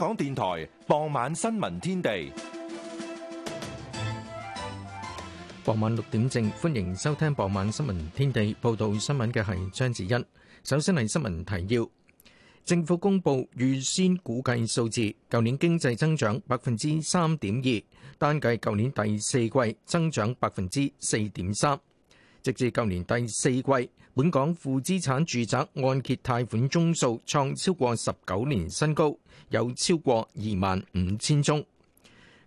港電台傍晚新聞天地，傍晚六點正，歡迎收聽傍晚新聞天地。報道新聞嘅係張子欣。首先係新聞提要：政府公布預先估計數字，舊年經濟增長百分之三點二，單計舊年第四季增長百分之四點三。直至舊年第四季，本港負資產住宅按揭貸款宗數創超過十九年新高，有超過二萬五千宗。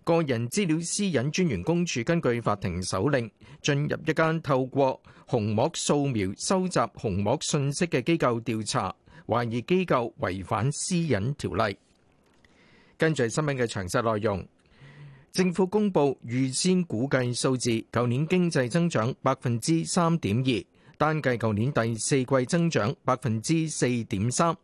個人資料私隱專員公署根據法庭手令，進入一間透過虹膜掃描收集虹膜信息嘅機構調查，懷疑機構違反私隱條例。跟住新聞嘅詳細內容。政府公布預先估計數字，舊年經濟增長百分之三點二，單計舊年第四季增長百分之四點三。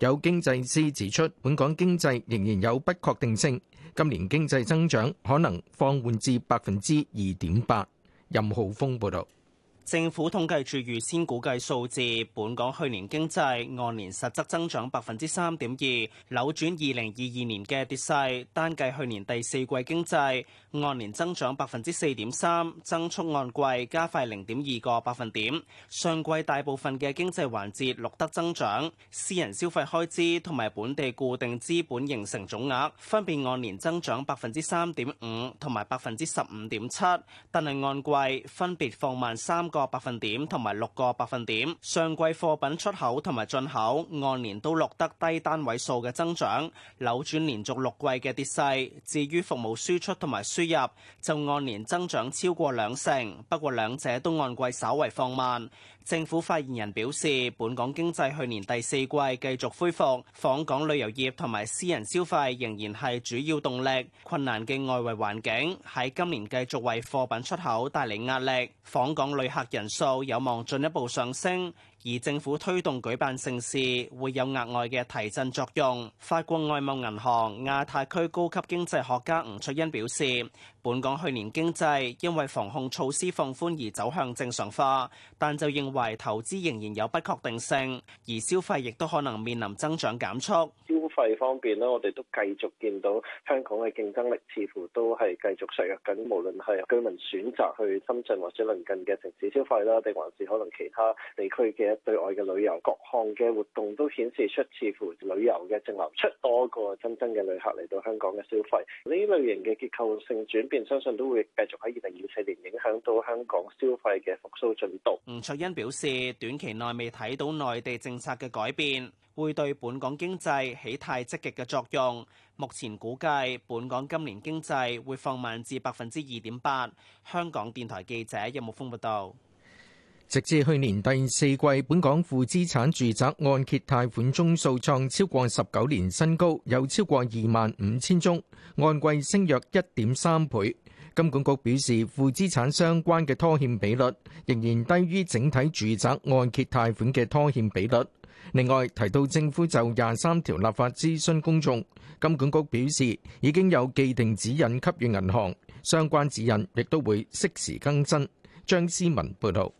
有經濟師指出，本港經濟仍然有不確定性，今年經濟增長可能放緩至百分之二點八。任浩峰報道。政府統計處預先估計數字，本港去年經濟按年實質增長百分之三點二，扭轉二零二二年嘅跌勢。單計去年第四季經濟按年增長百分之四點三，增速按季加快零點二個百分點。上季大部分嘅經濟環節錄得增長，私人消費開支同埋本地固定資本形成總額分別按年增長百分之三點五同埋百分之十五點七，但係按季分別放慢三個個百分點同埋六個百分點，上季貨品出口同埋進口按年都錄得低單位數嘅增長，扭轉連續六季嘅跌勢。至於服務輸出同埋輸入，就按年增長超過兩成，不過兩者都按季稍為放慢。政府發言人表示，本港經濟去年第四季繼續恢復，訪港旅遊業同埋私人消費仍然係主要動力，困難嘅外圍環境喺今年繼續為貨品出口帶嚟壓力，訪港旅客人數有望進一步上升。而政府推動舉辦盛事，會有額外嘅提振作用。法國外貿銀行亞太區高級經濟學家吳卓恩表示，本港去年經濟因為防控措施放寬而走向正常化，但就認為投資仍然有不確定性，而消費亦都可能面臨增長減速。費方面咧，我哋都繼續見到香港嘅競爭力似乎都係繼續削弱緊。無論係居民選擇去深圳或者鄰近嘅城市消費啦，定還是可能其他地區嘅對外嘅旅遊，各項嘅活動都顯示出似乎旅遊嘅淨流出多過真正嘅旅客嚟到香港嘅消費。呢類型嘅結構性轉變，相信都會繼續喺二零二四年影響到香港消費嘅復甦進度。吳卓欣表示，短期內未睇到內地政策嘅改變。會對本港經濟起太積極嘅作用。目前估計本港今年經濟會放慢至百分之二點八。香港電台記者任木峰報道，直至去年第四季，本港負資產住宅按揭貸款宗數創超過十九年新高，有超過二萬五千宗，按季升約一點三倍。金管局表示，負資產相關嘅拖欠比率仍然低於整體住宅按揭貸款嘅拖欠比率。另外提到政府就廿三條立法諮詢公眾，金管局表示已經有既定指引給予銀行，相關指引亦都會適時更新。張思文報導。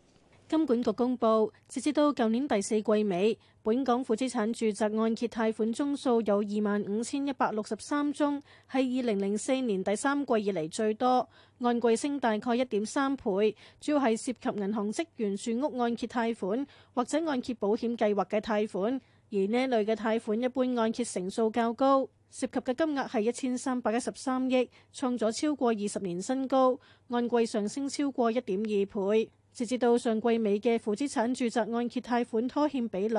金管局公布，截至到舊年第四季尾，本港負資產住宅按揭貸款宗數有二萬五千一百六十三宗，係二零零四年第三季以嚟最多，按季升大概一點三倍。主要係涉及銀行職員住屋按揭貸款或者按揭保險計劃嘅貸款，而呢類嘅貸款一般按揭成數較高，涉及嘅金額係一千三百一十三億，創咗超過二十年新高，按季上升超過一點二倍。截至到上季尾嘅負資產住宅按揭貸款拖欠比率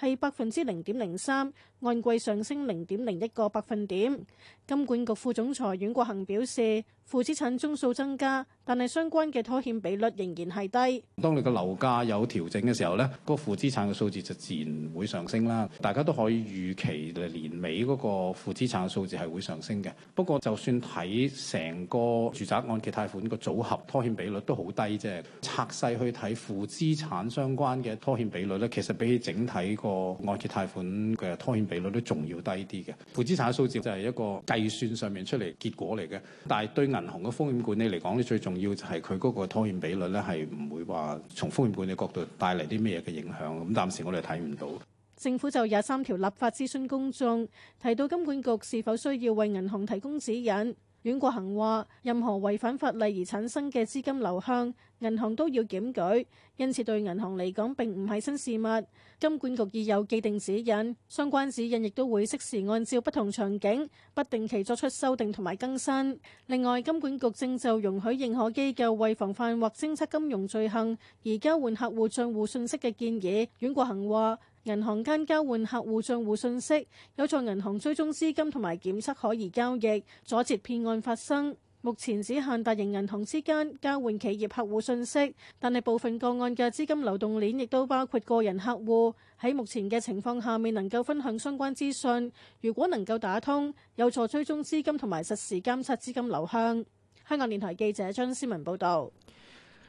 係百分之零點零三，按季上升零點零一個百分點。金管局副總裁阮國恒表示。負資產宗數增加，但係相關嘅拖欠比率仍然係低。當你個樓價有調整嘅時候咧，呢個負資產嘅數字就自然會上升啦。大家都可以預期年尾嗰個負資產嘅數字係會上升嘅。不過就算睇成個住宅按揭貸款個組合拖欠比率都好低啫。拆細去睇負資產相關嘅拖欠比率咧，其實比起整體個按揭貸款嘅拖欠比率都仲要低啲嘅。負資產嘅數字就係一個計算上面出嚟結果嚟嘅，但係對銀銀行嘅風險管理嚟講咧，最重要就係佢嗰個拖欠比率咧，係唔會話從風險管理角度帶嚟啲咩嘢嘅影響。咁暫時我哋睇唔到。政府就廿三條立法諮詢公眾，提到金管局是否需要為銀行提供指引。阮國恒話：任何違反法例而產生嘅資金流向，銀行都要檢舉，因此對銀行嚟講並唔係新事物。金管局已有既定指引，相關指引亦都會適時按照不同場景不定期作出修訂同埋更新。另外，金管局正就容許認可機構為防範或偵測金融罪行而交換客戶帳戶信息嘅建議，阮國恒話。銀行間交換客戶帳戶信息，有助銀行追蹤資金同埋檢測可疑交易，阻截騙案發生。目前只限大型銀行之間交換企業客戶信息，但係部分個案嘅資金流動鏈亦都包括個人客戶。喺目前嘅情況下，未能夠分享相關資訊。如果能夠打通，有助追蹤資金同埋實時監測資金流向。香港電台記者張思文報道。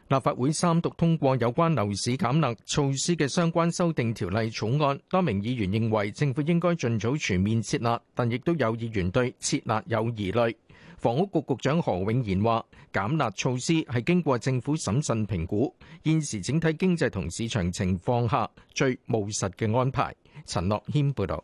立法會三讀通過有關樓市減辣措施嘅相關修訂條例草案，多名議員認為政府應該盡早全面撤辣，但亦都有議員對撤辣有疑慮。房屋局局長何永賢話：減辣措施係經過政府審慎評估，現時整體經濟同市場情況下最務實嘅安排。陳諾謙報導。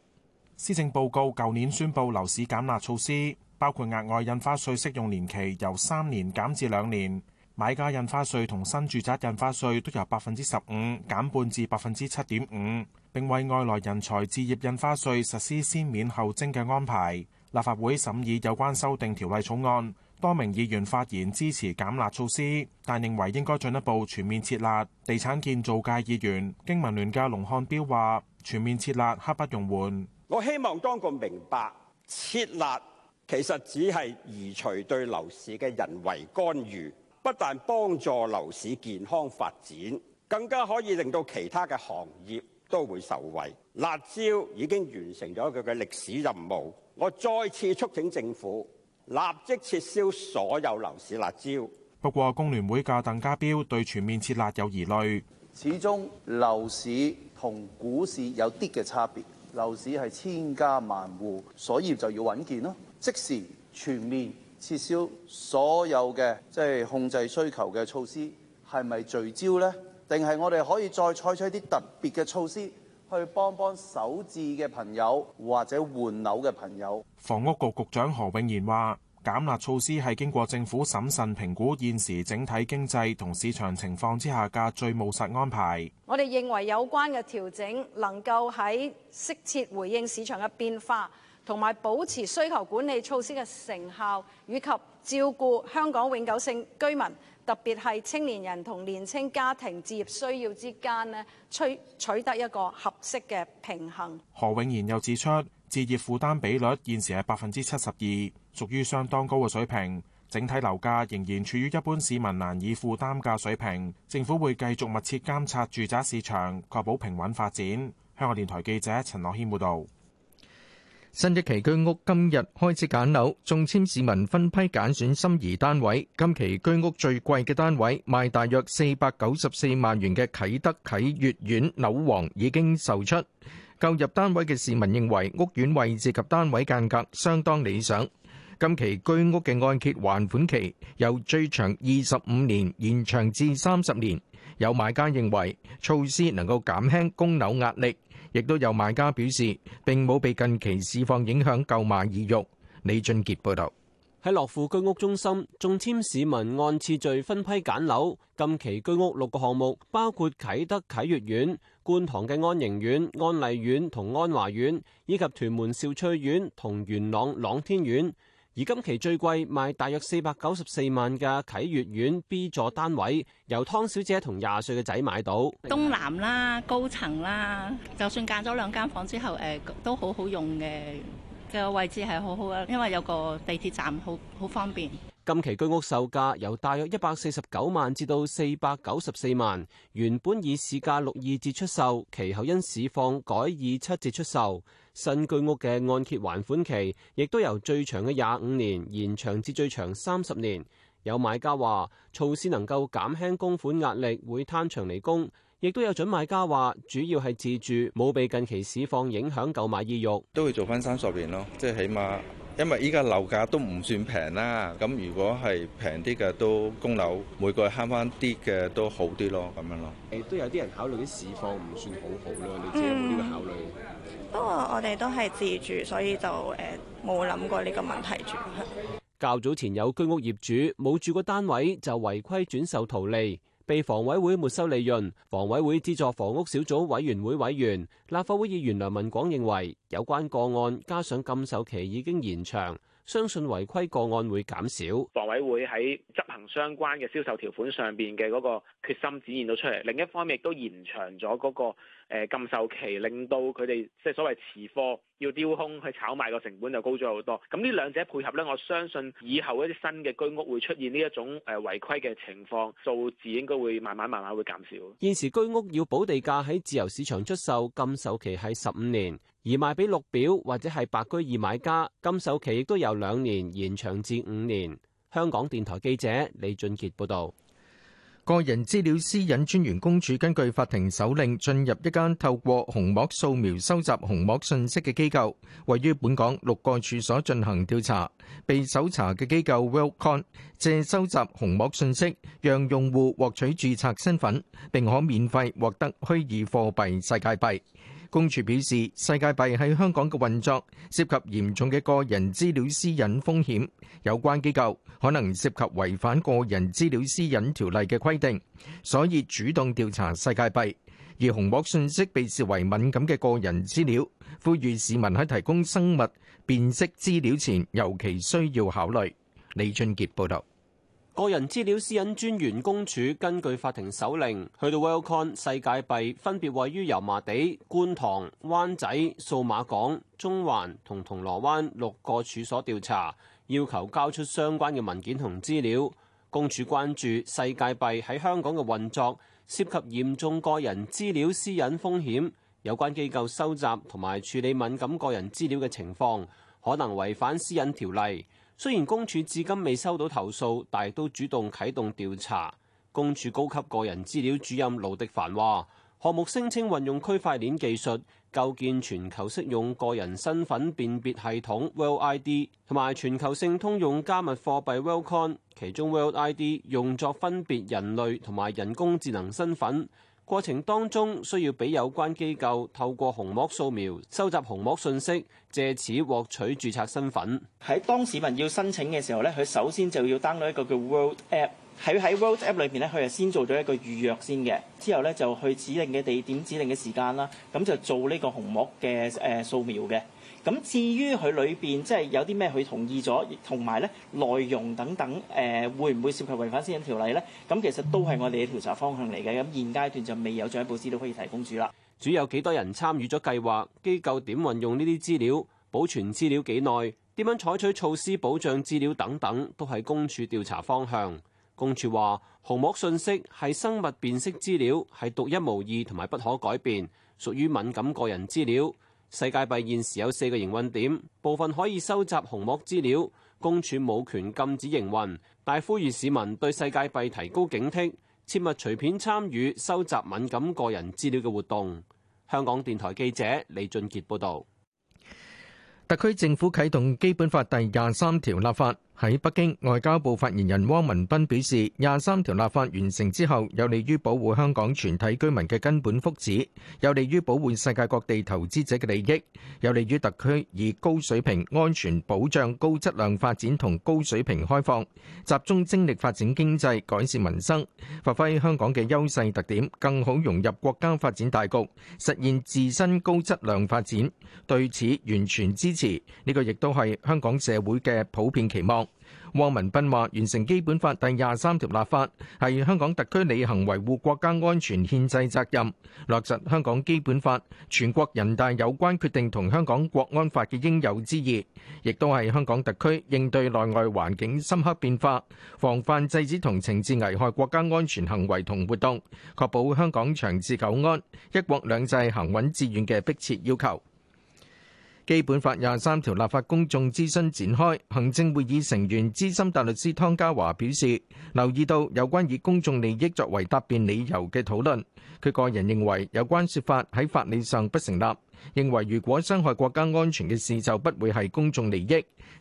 施政報告舊年宣布樓市減辣措施，包括額外印花稅適用年期由三年減至兩年。買家印花稅同新住宅印花稅都由百分之十五減半至百分之七點五，並為外來人才置業印花稅實施先免後徵嘅安排。立法會審議有關修訂條例草案，多名議員發言支持減辣措施，但認為應該進一步全面撤辣。地產建造界議員經民聯嘅龍漢標話：全面撤辣刻不容緩。我希望當局明白，撤辣其實只係移除對樓市嘅人為干預。不但幫助樓市健康發展，更加可以令到其他嘅行業都會受惠。辣招已經完成咗佢嘅歷史任務，我再次促請政府立即撤銷所有樓市辣招。不過，工聯會嘅鄧家彪對全面撤辣有疑慮。始終樓市同股市有啲嘅差別，樓市係千家萬戶，所以就要穩健咯。即使全面撤銷所有嘅即係控制需求嘅措施，係咪聚焦呢？定係我哋可以再採取一啲特別嘅措施，去幫幫首置嘅朋友或者換樓嘅朋友？房屋局局長何永賢話，減壓措施係經過政府審慎評估現時整體經濟同市場情況之下嘅最務實安排。我哋認為有關嘅調整能夠喺適切回應市場嘅變化。同埋保持需求管理措施嘅成效，以及照顧香港永久性居民，特別係青年人同年輕家庭置業需要之間咧，取取得一個合適嘅平衡。何永賢又指出，置業負擔比率現時係百分之七十二，屬於相當高嘅水平。整體樓價仍然處於一般市民難以負擔嘅水平。政府會繼續密切監察住宅市場，確保平穩發展。香港電台記者陳樂軒報道。新一期居屋今日開始揀樓，中簽市民分批揀選心儀單位。今期居屋最貴嘅單位賣大約四百九十四萬元嘅啟德啟悅苑樓王已經售出。購入單位嘅市民認為屋苑位置及單位間隔相當理想。今期居屋嘅按揭還款期由最長二十五年延長至三十年。有買家認為措施能夠減輕供樓壓力，亦都有買家表示並冇被近期市況影響購買意欲。李俊傑報導。喺樂富居屋中心，中簽市民按次序分批揀樓。近期居屋六個項目，包括啟德啟悦苑、觀塘嘅安盈苑、安麗苑同安華苑，以及屯門兆翠苑同元朗朗天苑。而今期最貴賣大約四百九十四萬嘅啟悅苑 B 座單位，由湯小姐同廿歲嘅仔買到。東南啦，高層啦，就算間咗兩間房之後，誒、呃、都好好用嘅。個位置係好好啊，因為有個地鐵站，好好方便。今期居屋售價由大約一百四十九萬至到四百九十四萬，原本以市價六二折出售，其後因市況改以七折出售。新居屋嘅按揭還款期亦都由最長嘅廿五年延長至最長三十年。有買家話措施能夠減輕供款壓力，會攤長嚟供。亦都有準買家話主要係自住，冇被近期市況影響購買意欲，都會做翻三十年咯。即係起碼，因為依家樓價都唔算平啦。咁如果係平啲嘅都供樓，每個人慳翻啲嘅都好啲咯。咁樣咯。誒，都有啲人考慮啲市況唔算好好咯。你知有冇呢個考慮？不過我哋都係自住，所以就誒冇諗過呢個問題住。較早前有居屋業主冇住過單位，就違規轉售圖利，被房委會沒收利潤。房委會資助房屋小組委員會委員、立法會議員梁文廣認為，有關個案加上禁售期已經延長，相信違規個案會減少。房委會喺執行相關嘅銷售條款上邊嘅嗰個決心展現到出嚟。另一方面亦都延長咗嗰個。誒禁售期令到佢哋即係所謂持貨，要丟空去炒賣，個成本就高咗好多，咁呢兩者配合咧，我相信以後一啲新嘅居屋會出現呢一種誒違規嘅情況，數字應該會慢慢慢慢會減少。現時居屋要保地價喺自由市場出售，禁售期係十五年，而賣俾綠表或者係白居二買家，禁售期亦都有兩年延長至五年。香港電台記者李俊傑報道。個人資料私隱專員公署根據法庭手令進入一間透過虹膜掃描收集虹膜信息嘅機構，位於本港六個處所進行調查。被搜查嘅機構 Worldcoin 借收集虹膜信息，讓用戶獲取註冊身份，並可免費獲得虛擬貨幣世界幣。公署表示，世界幣喺香港嘅運作涉及嚴重嘅個人資料私隱風險，有關機構可能涉及違反個人資料私隱條例嘅規定，所以主動調查世界幣。而虹膜信息被視為敏感嘅個人資料，呼籲市民喺提供生物辨識資料前，尤其需要考慮。李俊傑報導。個人資料私隱專員公署根據法庭手令，去到 Worldcoin 世界幣分別位於油麻地、觀塘、灣仔、數碼港、中環同銅鑼灣六個處所調查，要求交出相關嘅文件同資料。公署關注世界幣喺香港嘅運作涉及嚴重個人資料私隱風險，有關機構收集同埋處理敏感個人資料嘅情況，可能違反私隱條例。雖然公署至今未收到投訴，但亦都主動啟動調查。公署高級個人資料主任盧迪凡話：項目聲稱運用區塊鏈技術構建全球適用個人身份辨別系統 World ID，同埋全球性通用加密貨幣 Worldcoin，其中 World ID 用作分別人類同埋人工智能身份。過程當中需要俾有關機構透過紅膜掃描收集紅膜信息，借此獲取註冊身份。喺當市民要申請嘅時候咧，佢首先就要 down 到一個叫 World App 喺喺 World App 裏邊咧，佢係先做咗一個預約先嘅，之後咧就去指定嘅地點、指定嘅時間啦，咁就做呢個紅膜嘅誒掃描嘅。至於佢裏邊即係有啲咩佢同意咗，同埋咧內容等等，誒、呃、會唔會涉及違反私隱條例呢？咁其實都係我哋嘅調查方向嚟嘅。咁現階段就未有進一步資料可以提供住啦。主要有幾多人參與咗計劃？機構點運用呢啲資料？保存資料幾耐？點樣採取措施保障資料等等，都係公署調查方向。公署話，虹膜信息係生物辨識資料，係獨一無二同埋不可改變，屬於敏感個人資料。世界幣現時有四個營運點，部分可以收集虹膜資料，公署冇權禁止營運，但呼籲市民對世界幣提高警惕，切勿隨便參與收集敏感個人資料嘅活動。香港電台記者李俊傑報導。特區政府啟動《基本法》第廿三條立法。喺北京，外交部發言人汪文斌表示：廿三條立法完成之後，有利於保護香港全體居民嘅根本福祉，有利於保護世界各地投資者嘅利益，有利於特區以高水平安全保障、高質量發展同高水平開放，集中精力發展經濟、改善民生，發揮香港嘅優勢特點，更好融入國家發展大局，實現自身高質量發展。對此完全支持。呢個亦都係香港社會嘅普遍期望。汪文斌話：完成基本法第廿三條立法係香港特區履行維護國家安全憲制責任，落實香港基本法、全國人大有關決定同香港國安法嘅應有之義，亦都係香港特區應對內外環境深刻變化，防範制止同懲治危害國家安全行為同活動，確保香港長治久安、一國兩制行穩致遠嘅迫切要求。基本法廿三條立法公眾諮詢展開，行政會議成員資深大律師湯家驊表示，留意到有關以公眾利益作為答辯理由嘅討論，佢個人認為有關説法喺法理上不成立，認為如果傷害國家安全嘅事，就不會係公眾利益，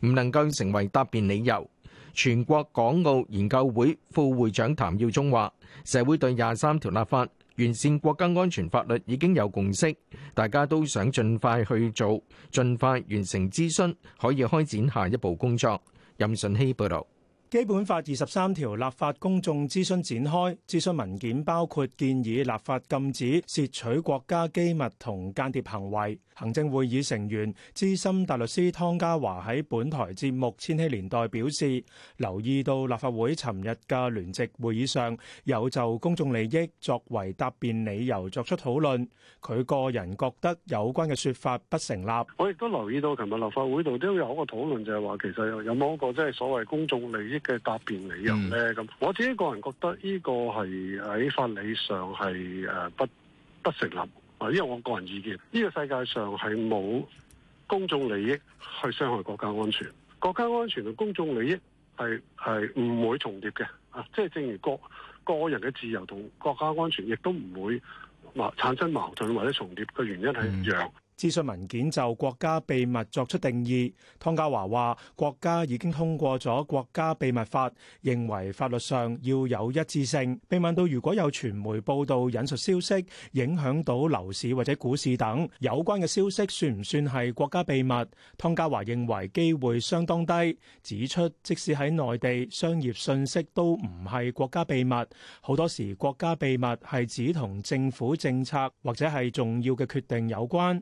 唔能夠成為答辯理由。全國港澳研究會副會長譚耀宗話：社會對廿三條立法，完善國家安全法律已經有共識，大家都想盡快去做，盡快完成諮詢，可以開展下一步工作。任順希報導。基本法二十三條立法公眾諮詢展開，諮詢文件包括建議立法禁止竊取國家機密同間諜行為。行政會議成員資深大律師湯家驊喺本台節目《千禧年代》表示，留意到立法會尋日嘅聯席會議上有就公眾利益作為答辯理由作出討論，佢個人覺得有關嘅說法不成立。我亦都留意到，琴日立法會度都有一個討論，就是，就係話其實有冇一個即係所謂公眾利益，嘅答辯理由呢，咁、嗯、我自己個人覺得呢個係喺法理上係誒不不成立啊，因為我個人意見，呢、這個世界上係冇公眾利益去傷害國家安全，國家安全同公眾利益係係唔會重疊嘅啊，即、就、係、是、正如個個人嘅自由同國家安全亦都唔會矛產生矛盾或者重疊嘅原因係一樣。嗯。諮詢文件就國家秘密作出定義。湯家華話：國家已經通過咗國家秘密法，認為法律上要有一致性。被問到如果有傳媒報道引述消息影響到樓市或者股市等有關嘅消息，算唔算係國家秘密？湯家華認為機會相當低，指出即使喺內地，商業信息都唔係國家秘密。好多時國家秘密係指同政府政策或者係重要嘅決定有關。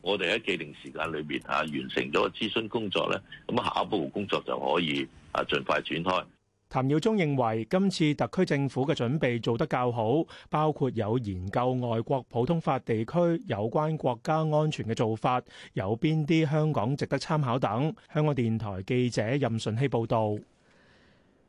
我哋喺既定時間裏邊啊完成咗個諮詢工作咧，咁下一步工作就可以啊，盡快展開。譚耀宗認為今次特區政府嘅準備做得較好，包括有研究外國普通法地區有關國家安全嘅做法，有邊啲香港值得參考等。香港電台記者任順希報導。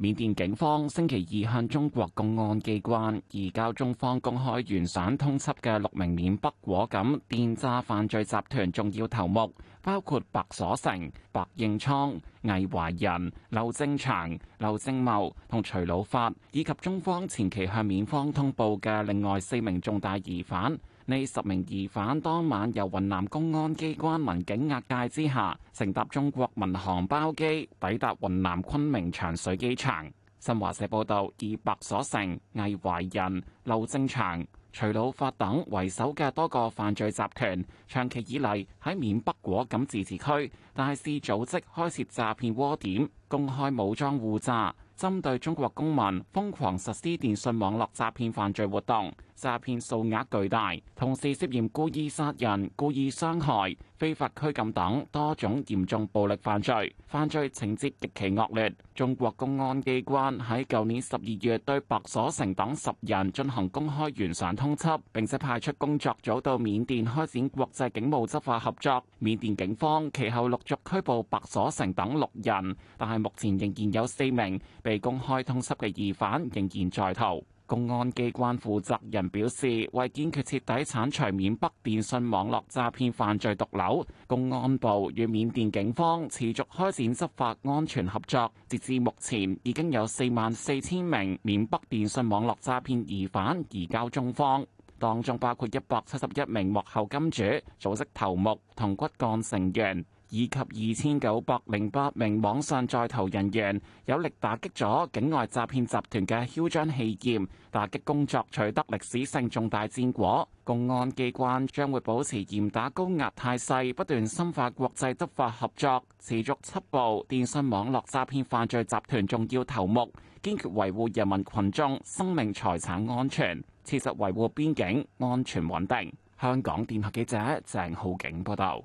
緬甸警方星期二向中國公安機關移交中方公開懸賞通緝嘅六名緬北果敢電詐犯罪集團重要頭目，包括白所成、白應倉、魏華仁、劉正祥、劉正茂同徐老發，以及中方前期向緬方通報嘅另外四名重大疑犯。呢十名疑犯當晚由雲南公安機關民警押解之下，乘搭中國民航包機抵達雲南昆明長水機場。新華社報道，以白所成、魏懷仁、劉正祥、徐老發等為首嘅多個犯罪集團，長期以嚟喺緬北果敢自治區大肆組織開設詐騙窩點公開武裝護詐，針對中國公民瘋狂實施電信網絡詐騙犯罪活動。詐騙數額巨大，同時涉嫌故意殺人、故意傷害、非法拘禁等多種嚴重暴力犯罪，犯罪情節極其惡劣。中國公安機關喺舊年十二月對白所成等十人進行公開懸賞通緝，並且派出工作組到緬甸開展國際警務執法合作。緬甸警方其後陸續拘捕白所成等六人，但係目前仍然有四名被公開通緝嘅疑犯仍然在逃。公安機關負責人表示，為堅決徹底鏟除緬北電信網絡詐騙犯罪毒瘤，公安部與緬甸警方持續開展執法安全合作。截至目前，已經有四萬四千名緬北電信網絡詐騙疑犯移交中方，當中包括一百七十一名幕後金主、組織頭目同骨幹成員。以及二千九百零八名網上在逃人員，有力打擊咗境外詐騙集團嘅囂張氣焰，打擊工作取得歷史性重大戰果。公安機關將會保持嚴打高壓態勢，不斷深化國際執法合作，持續緝捕電信網絡詐騙犯罪集團重要頭目，堅決維護人民群眾生命財產安全，切實維護邊境安全穩定。香港電台記者鄭浩景報道。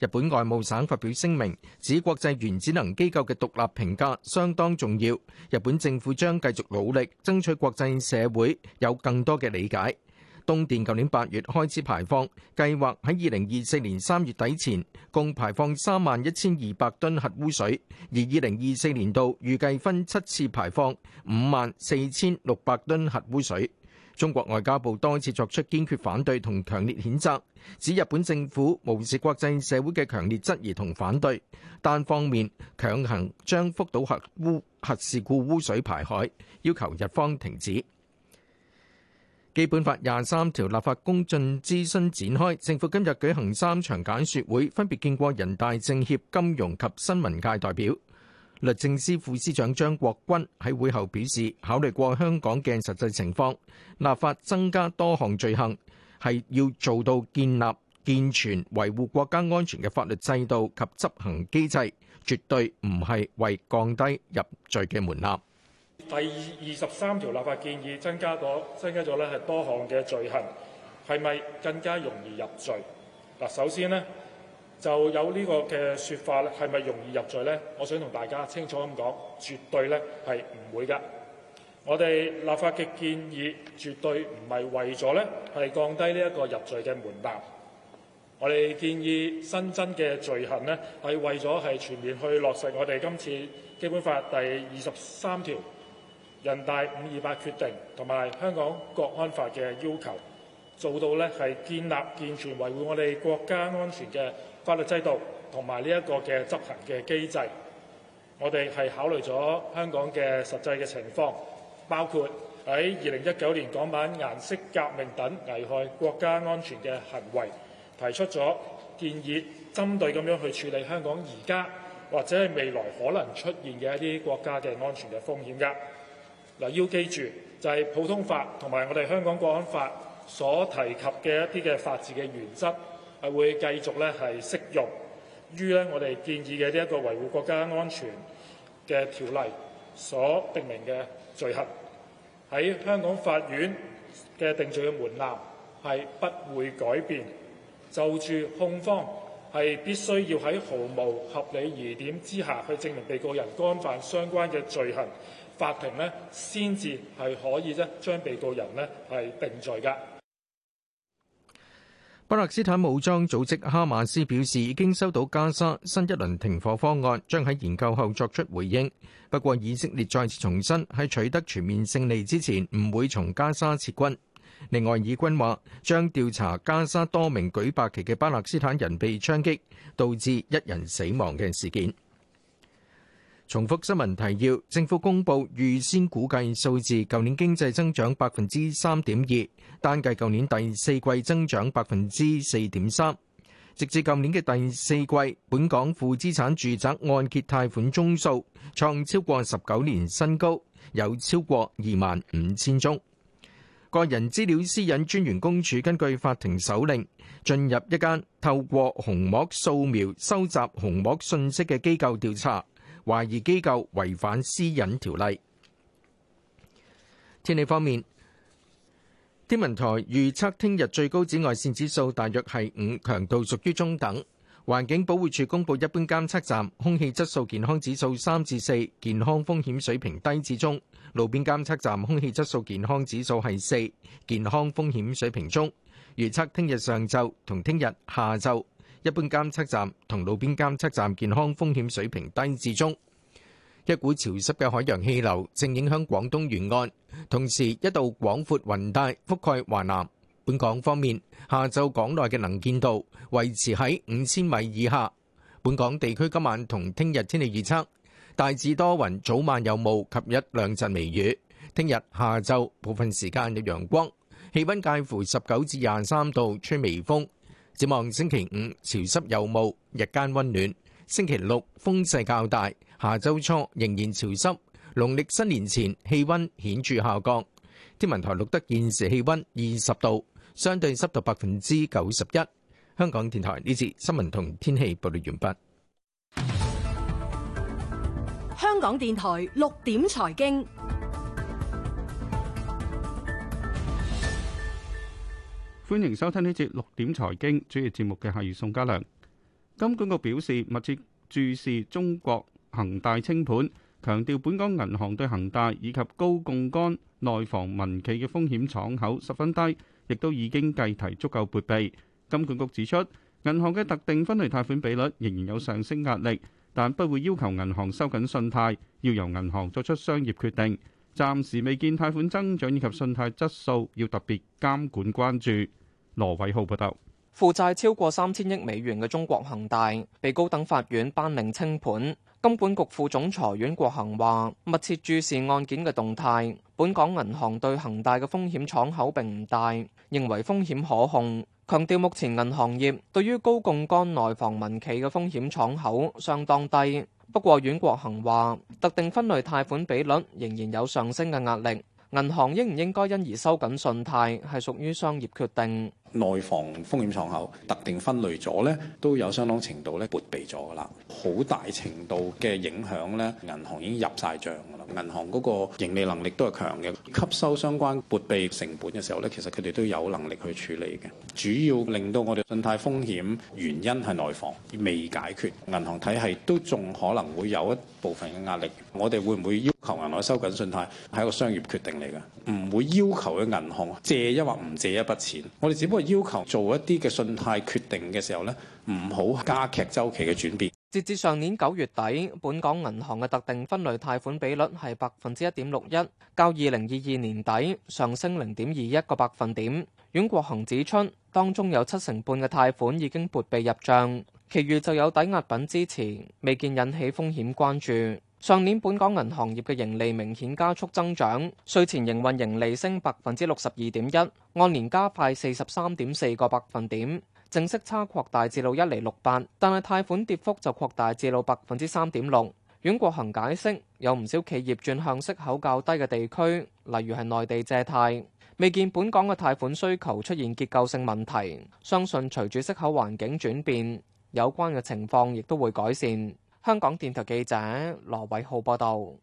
日本外務省發表聲明，指國際原子能機構嘅獨立評價相當重要。日本政府將繼續努力，爭取國際社會有更多嘅理解。東電舊年八月開始排放，計劃喺二零二四年三月底前共排放三萬一千二百噸核污水，而二零二四年度預計分七次排放五萬四千六百噸核污水。中國外交部多次作出堅決反對同強烈譴責，指日本政府無視國際社會嘅強烈質疑同反對，單方面強行將福島核污核事故污水排海，要求日方停止。基本法廿三條立法公眾諮詢展開，政府今日舉行三場簡説會，分別見過人大、政協、金融及新聞界代表。律政司副司長張國軍喺會後表示，考慮過香港嘅實際情況，立法增加多項罪行係要做到建立健全、維護國家安全嘅法律制度及執行機制，絕對唔係為降低入罪嘅門檻。第二十三條立法建議增加咗，增加咗呢係多項嘅罪行，係咪更加容易入罪？嗱，首先呢。就有呢個嘅説法呢，係咪容易入罪呢？我想同大家清楚咁講，絕對呢係唔會㗎。我哋立法嘅建議絕對唔係為咗呢係降低呢一個入罪嘅門檻。我哋建議新增嘅罪行呢係為咗係全面去落實我哋今次基本法第二十三條、人大五二八決定同埋香港國安法嘅要求，做到呢係建立健全維護我哋國家安全嘅法律制度同埋呢一個嘅執行嘅機制，我哋係考慮咗香港嘅實際嘅情況，包括喺二零一九年港版顏色革命等危害國家安全嘅行為，提出咗建議，針對咁樣去處理香港而家或者係未來可能出現嘅一啲國家嘅安全嘅風險噶。嗱，要記住就係普通法同埋我哋香港國安法所提及嘅一啲嘅法治嘅原則係會繼續咧係適用於咧我哋建議嘅呢一個維護國家安全嘅條例所定明嘅罪行，喺香港法院嘅定罪嘅門檻係不會改變。就住控方係必須要喺毫無合理疑點之下去證明被告人干犯相關嘅罪行，法庭咧先至係可以咧將被告人咧係定罪㗎。巴勒斯坦武裝組織哈馬斯表示，已經收到加沙新一輪停火方案，將喺研究後作出回應。不過，以色列再次重申喺取得全面勝利之前，唔會從加沙撤軍。另外，以軍話將調查加沙多名舉白旗嘅巴勒斯坦人被槍擊，導致一人死亡嘅事件。重複新聞提要：政府公布預先估計數字，舊年經濟增長百分之三點二，單計舊年第四季增長百分之四點三。直至舊年嘅第四季，本港負資產住宅按揭貸款宗數創超過十九年新高，有超過二萬五千宗。個人資料私隱專員公署根據法庭手令，進入一間透過虹膜掃描收集虹膜信息嘅機構調查。懷疑機構違反私隱條例。天氣方面，天文台預測聽日最高紫外綫指數大約係五，強度屬於中等。環境保護署公布一般監測站空氣質素健康指數三至四，健康風險水平低至中；路邊監測站空氣質素健康指數係四，健康風險水平中。預測聽日上晝同聽日下晝。一般監測站同路邊監測站健康風險水平低至中。一股潮濕嘅海洋氣流正影響廣東沿岸，同時一道廣闊雲帶覆蓋華南。本港方面，下晝港內嘅能見度維持喺五千米以下。本港地區今晚同聽日天氣預測大致多雲，早晚有霧及一兩陣微雨。聽日下晝部分時間有陽光，氣温介乎十九至廿三度，吹微風。展望星期五，潮濕有霧，日間温暖。星期六風勢較大，下週初仍然潮濕。農曆新年前氣温顯著下降。天文台錄得現時氣温二十度，相對濕度百分之九十一。香港電台呢節新聞同天氣報道完畢。香港電台六點財經。歡迎收聽呢節六點財經，主持節目嘅係宋家良。金管局表示密切注視中國恒大清盤，強調本港銀行對恒大以及高槓桿內房民企嘅風險敞口十分低，亦都已經計提足夠撥備。金管局指出，銀行嘅特定分類貸款比率仍然有上升壓力，但不會要求銀行收緊信貸，要由銀行作出商業決定。暫時未見貸款增長以及信貸質素要特別監管關注。羅偉浩報道，負債超過三千億美元嘅中國恒大被高等法院頒令清盤。金管局副總裁阮國恒話，密切注視案件嘅動態，本港銀行對恒大嘅風險敞口並唔大，認為風險可控。強調目前銀行業對於高槓桿內房民企嘅風險敞口相當低。不過，阮國恒話，特定分類貸款比率仍然有上升嘅壓力。銀行應唔應該因而收緊信貸，係屬於商業決定。內房風險敞口特定分類咗咧，都有相當程度咧撥備咗㗎啦。好大程度嘅影響咧，銀行已經入晒帳㗎啦。銀行嗰個盈利能力都係強嘅，吸收相關撥備成本嘅時候咧，其實佢哋都有能力去處理嘅。主要令到我哋信貸風險原因係內房未解決，銀行體系都仲可能會有一部分嘅壓力。我哋會唔會要求銀行收緊信貸，係一個商業決定嚟嘅，唔會要求嘅銀行借一或唔借一筆錢。我哋只不過要求做一啲嘅信貸決定嘅時候呢，唔好加劇週期嘅轉變。截至上年九月底，本港銀行嘅特定分類貸款比率係百分之一點六一，較二零二二年底上升零點二一個百分點。阮國恒指出，當中有七成半嘅貸款已經撥備入賬，其餘就有抵押品支持，未見引起風險關注。上年本港銀行業嘅盈利明顯加速增長，稅前營運盈利升百分之六十二點一，按年加快四十三點四個百分點，淨息差擴大至到一厘六八，但係貸款跌幅就擴大至到百分之三點六。阮國恒解釋有唔少企業轉向息口較低嘅地區，例如係內地借貸，未見本港嘅貸款需求出現結構性問題，相信隨住息口環境轉變，有關嘅情況亦都會改善。香港電台記者羅偉浩報道：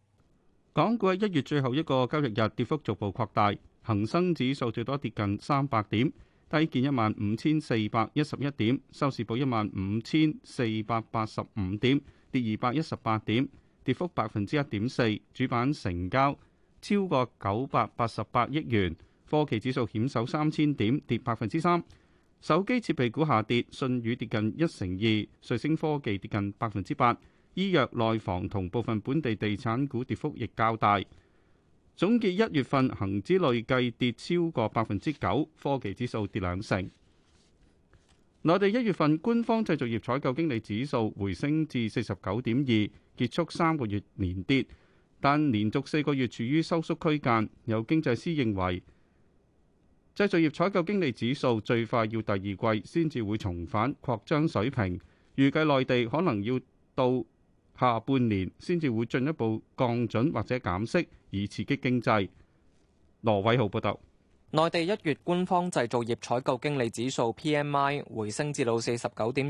港股喺一月最後一個交易日，跌幅逐步擴大，恒生指數最多跌近三百點，低見一萬五千四百一十一點，收市報一萬五千四百八十五點，跌二百一十八點，跌幅百分之一點四。主板成交超過九百八十八億元，科技指數險守三千點，跌百分之三。手機設備股下跌，舜宇跌近一成二，瑞聲科技跌近百分之八，醫藥內房同部分本地地產股跌幅亦較大。總結一月份恒指累計跌超過百分之九，科技指數跌兩成。內地一月份官方製造業採購經理指數回升至四十九點二，結束三個月連跌，但連續四個月處於收縮區間。有經濟師認為，製造業採購經理指數最快要第二季先至會重返擴張水平，預計內地可能要到下半年先至會進一步降準或者減息，以刺激經濟。羅偉浩報道，內地一月官方製造業採購經理指數 PMI 回升至到四十九點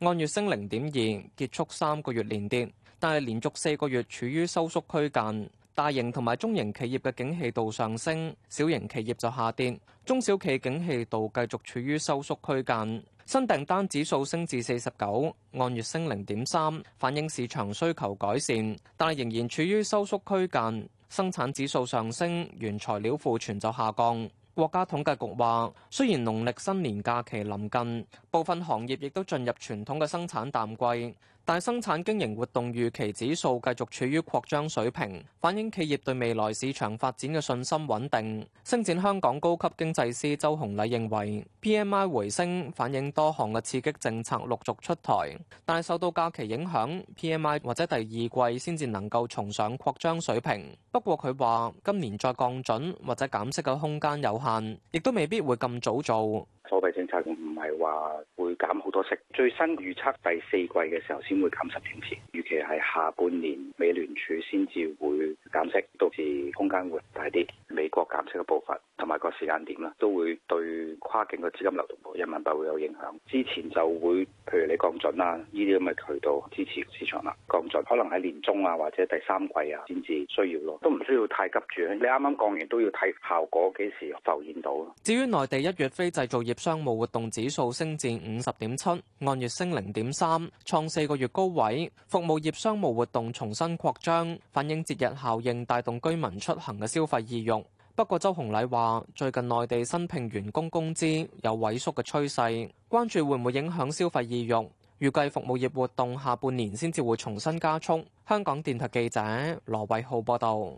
二，按月升零點二，結束三個月連跌，但係連續四個月處於收縮區間。大型同埋中型企業嘅景氣度上升，小型企業就下跌，中小企景氣度繼續處於收縮區間，新訂單指數升至四十九，按月升零點三，反映市場需求改善，但係仍然處於收縮區間，生產指數上升，原材料庫存就下降。國家統計局話，雖然農曆新年假期臨近，部分行業亦都進入傳統嘅生產淡季。但生產經營活動預期指數繼續處於擴張水平，反映企業對未來市場發展嘅信心穩定。星展香港高級經濟師周洪禮認為，PMI 回升反映多項嘅刺激政策陸續出台，但係受到假期影響，PMI 或者第二季先至能夠重上擴張水平。不過佢話，今年再降準或者減息嘅空間有限，亦都未必會咁早做。貨幣政策唔係話會減好多息，最新預測第四季嘅時候先會減十點前，預期係下半年美聯儲先至會。減息導致空間會大啲，美國減息嘅步伐同埋個時間點啦，都會對跨境嘅資金流動人民幣會有影響。之前就會，譬如你降準啦，呢啲咁嘅渠道支持市場啦，降準可能喺年中啊或者第三季啊先至需要咯，都唔需要太急住。你啱啱降完都要睇效果，幾時浮現到？至於內地一月非製造業商務活動指數升至五十點七，按月升零點三，創四個月高位，服務業商務活動重新擴張，反映節日效。應帶動居民出行嘅消費意欲。不過周鴻禮話，最近內地新聘員工工資有萎縮嘅趨勢，關注會唔會影響消費意慾。預計服務業活動下半年先至會重新加速。香港電台記者羅偉浩報道。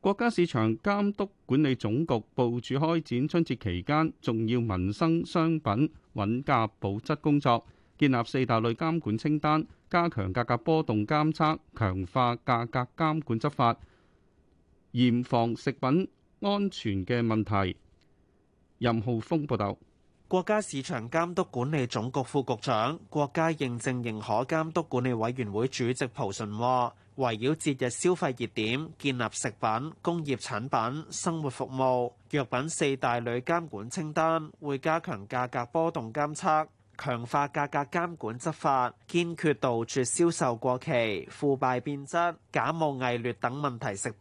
國家市場監督管理總局部署開展春節期間重要民生商品穩價保質工作。建立四大類監管清單，加強價格波動監測，強化價格監管執法，嚴防食品安全嘅問題。任浩峰報道。國家市場監督管理總局副局長、國家認證認可監督管理委員會主席蒲淳話，圍繞節日消費熱點，建立食品、工業產品、生活服務、藥品四大類監管清單，會加強價格波動監測。強化價格監管執法，堅決杜絕銷售過期、腐敗變質、假冒偽劣等問題食品，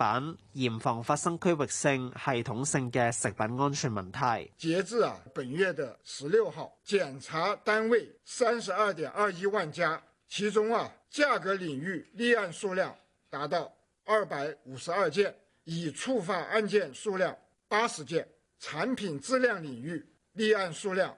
嚴防發生區域性、系統性嘅食品安全問題。截至啊本月的十六號，檢查單位三十二點二一萬家，其中啊價格領域立案數量達到二百五十二件，已處罰案件數量八十件，產品質量領域立案數量。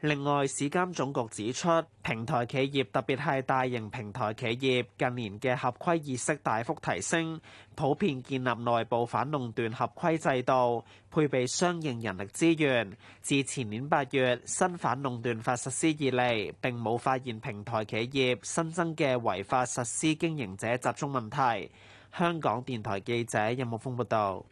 另外，市監總局指出，平台企業特別係大型平台企業近年嘅合規意識大幅提升，普遍建立內部反壟斷合規制度，配備相應人力資源。自前年八月新反壟斷法實施以嚟，並冇發現平台企業新增嘅違法實施經營者集中問題。香港電台記者任木豐報道。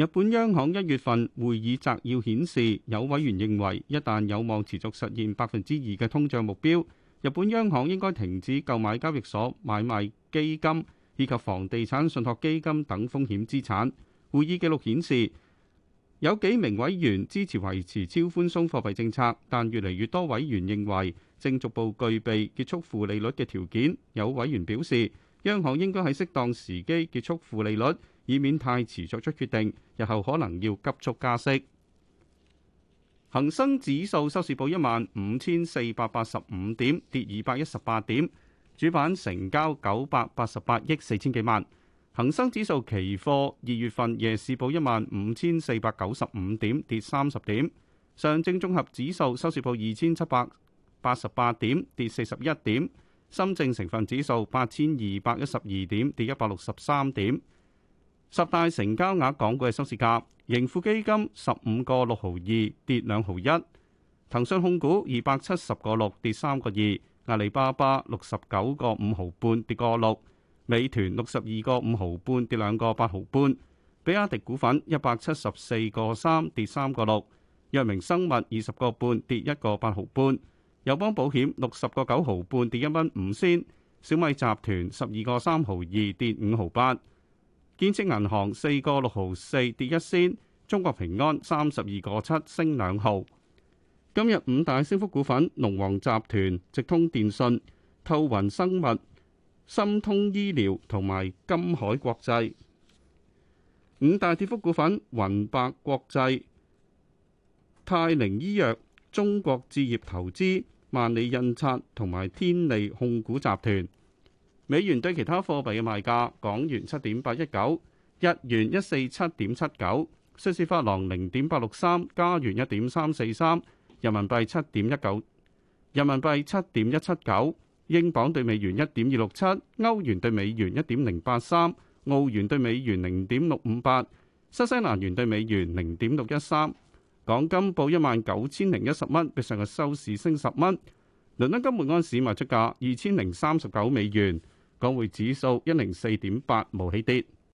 日本央行一月份會議摘要顯示，有委員認為一旦有望持續實現百分之二嘅通脹目標，日本央行應該停止購買交易所買賣基金以及房地產信託基金等風險資產。會議記錄顯示，有幾名委員支持維持超寬鬆貨幣政策，但越嚟越多委員認為正逐步具備結束負利率嘅條件。有委員表示，央行應該喺適當時機結束負利率。以免太遲作出決定，日後可能要急速加息。恒生指數收市報一萬五千四百八十五點，跌二百一十八點。主板成交九百八十八億四千幾萬。恒生指數期貨二月份夜市報一萬五千四百九十五點，跌三十點。上證綜合指數收市報二千七百八十八點，跌四十一點。深證成分指數八千二百一十二點，跌一百六十三點。十大成交額港股嘅收市價，盈富基金十五個六毫二跌兩毫一，騰訊控股二百七十個六跌三個二，阿里巴巴六十九個五毫半跌個六，美團六十二個五毫半跌兩個八毫半，比亞迪股份一百七十四個三跌三個六，藥明生物二十個半跌一個八毫半，友邦保險六十個九毫半跌一蚊五仙，小米集團十二個三毫二跌五毫八。建設銀行四個六毫四跌一仙，中國平安三十二個七升兩毫。今日五大升幅股份：龍皇集團、直通電訊、透雲生物、心通醫療同埋金海國際。五大跌幅股份：雲百國際、泰寧醫藥、中國置業投資、萬里印刷同埋天利控股集團。美元對其他貨幣嘅賣價：港元七點八一九，日元一四七點七九，瑞士法郎零點八六三，加元一點三四三，人民幣七點一九，人民幣七點一七九，英鎊對美元一點二六七，歐元對美元一點零八三，澳元對美元零點六五八，新西蘭元對美元零點六一三。港金報一萬九千零一十蚊，比上日收市升十蚊。倫敦金每盎司賣出價二千零三十九美元。港匯指數一零四點八，無起跌。